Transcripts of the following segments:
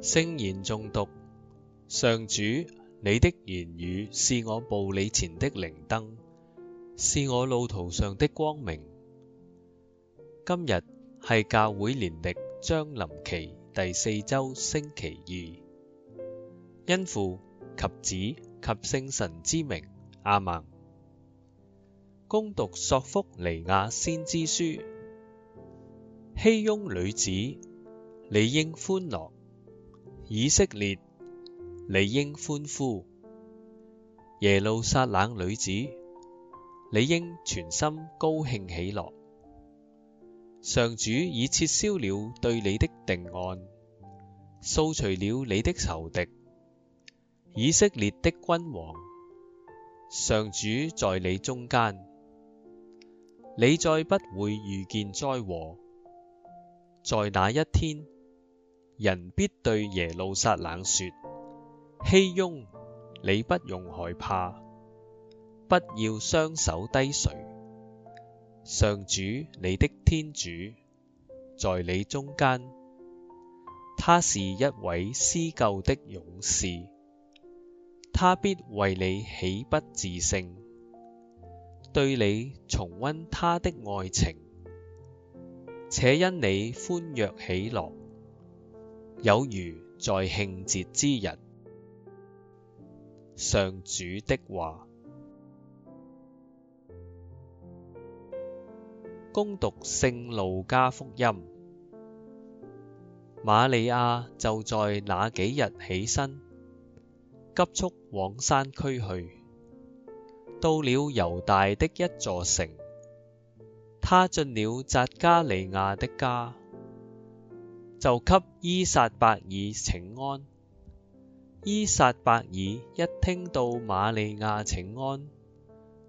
聖言誦讀，上主，你的言語是我步履前的靈燈，是我路途上的光明。今日係教會年曆將臨期第四周星期二，因父及子及聖神之名，阿門。恭讀索福尼亞先知書：熙雍女子，你應歡樂。以色列，你應歡呼；耶路撒冷女子，你應全心高興喜樂。上主已撤銷了對你的定案，掃除了你的仇敵。以色列的君王，上主在你中間，你再不會遇見災禍。在那一天。人必對耶路撒冷說：熙雍，你不用害怕，不要雙手低垂。上主，你的天主，在你中間，他是一位施救的勇士，他必為你喜不自勝，對你重溫他的愛情，且因你歡躍喜樂，有如在慶節之日。上主的話。恭讀聖路加福音。瑪利亞就在那幾日起身，急速往山區去，到了猶大的一座城，她進了匝加利亞的家。就給依撒伯爾請安。依撒伯爾一聽到瑪利亞請安，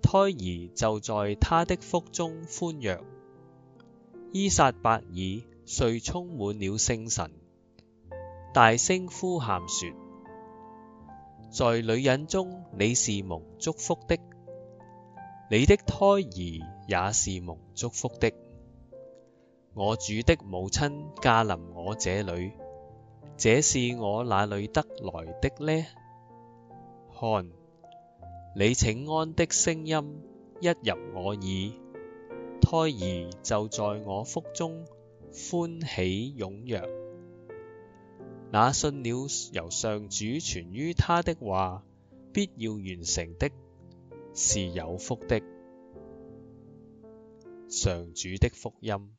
胎兒就在她的腹中歡躍。依撒伯爾遂充滿了聖神，大聲呼喊說：在女人中你是蒙祝福的，你的胎兒也是蒙祝福的。我主的母親駕臨我這裏，這是我哪裏得來的呢？看，你請安的聲音一入我耳，胎兒就在我腹中歡喜踴躍。那信了由上主傳於他的話，必要完成的，是有福的。上主的福音。